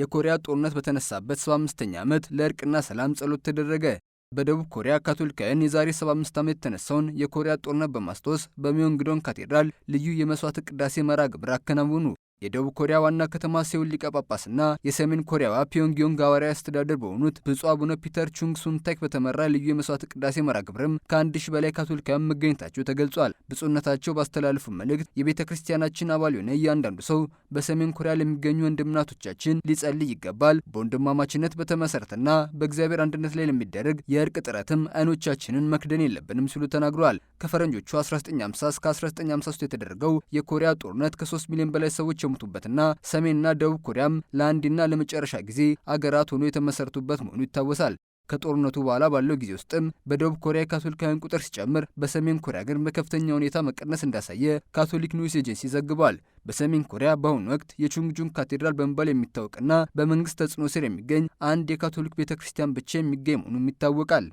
የኮሪያ ጦርነት በተነሳበት 75ኛ ዓመት ለእርቅና ሰላም ጸሎት ተደረገ። በደቡብ ኮሪያ ካቶሊካውያን የዛሬ 75 ዓመት የተነሳውን የኮሪያ ጦርነት በማስታወስ በሚዮንግዶን ካቴድራል ልዩ የመስዋዕት ቅዳሴ መርሃ ግብር አከናወኑ። የደቡብ ኮሪያ ዋና ከተማ ሴውል ሊቀ ጳጳስና የሰሜን ኮሪያዋ ፒዮንግዮንግ ሐዋርያዊ አስተዳደር በሆኑት ብፁዕ አቡነ ፒተር ቹንግ ሱንታክ በተመራ ልዩ የመስዋዕት ቅዳሴ መራ ግብርም ከአንድ ሺህ በላይ ካቶሊካውያን መገኘታቸው ተገልጿል። ብፁዕነታቸው ባስተላለፉ መልእክት የቤተ ክርስቲያናችን አባል የሆነ እያንዳንዱ ሰው በሰሜን ኮሪያ ለሚገኙ ወንድምናቶቻችን ሊጸልይ ይገባል። በወንድማማችነት በተመሰረተና በእግዚአብሔር አንድነት ላይ ለሚደረግ የእርቅ ጥረትም አይኖቻችንን መክደን የለብንም ሲሉ ተናግረዋል። ከፈረንጆቹ 1950 እስከ 1953 የተደረገው የኮሪያ ጦርነት ከ3 ሚሊዮን በላይ ሰዎች የተቸሙቱበትና ሰሜንና ደቡብ ኮሪያም ለአንድና ለመጨረሻ ጊዜ አገራት ሆኖ የተመሰረቱበት መሆኑ ይታወሳል። ከጦርነቱ በኋላ ባለው ጊዜ ውስጥም በደቡብ ኮሪያ የካቶሊካውያን ቁጥር ሲጨምር በሰሜን ኮሪያ ግን በከፍተኛ ሁኔታ መቀነስ እንዳሳየ ካቶሊክ ኒውስ ኤጀንሲ ዘግቧል። በሰሜን ኮሪያ በአሁኑ ወቅት የቹንግጁን ካቴድራል በመባል የሚታወቅና በመንግስት ተጽዕኖ ስር የሚገኝ አንድ የካቶሊክ ቤተ ክርስቲያን ብቻ የሚገኝ መሆኑም ይታወቃል።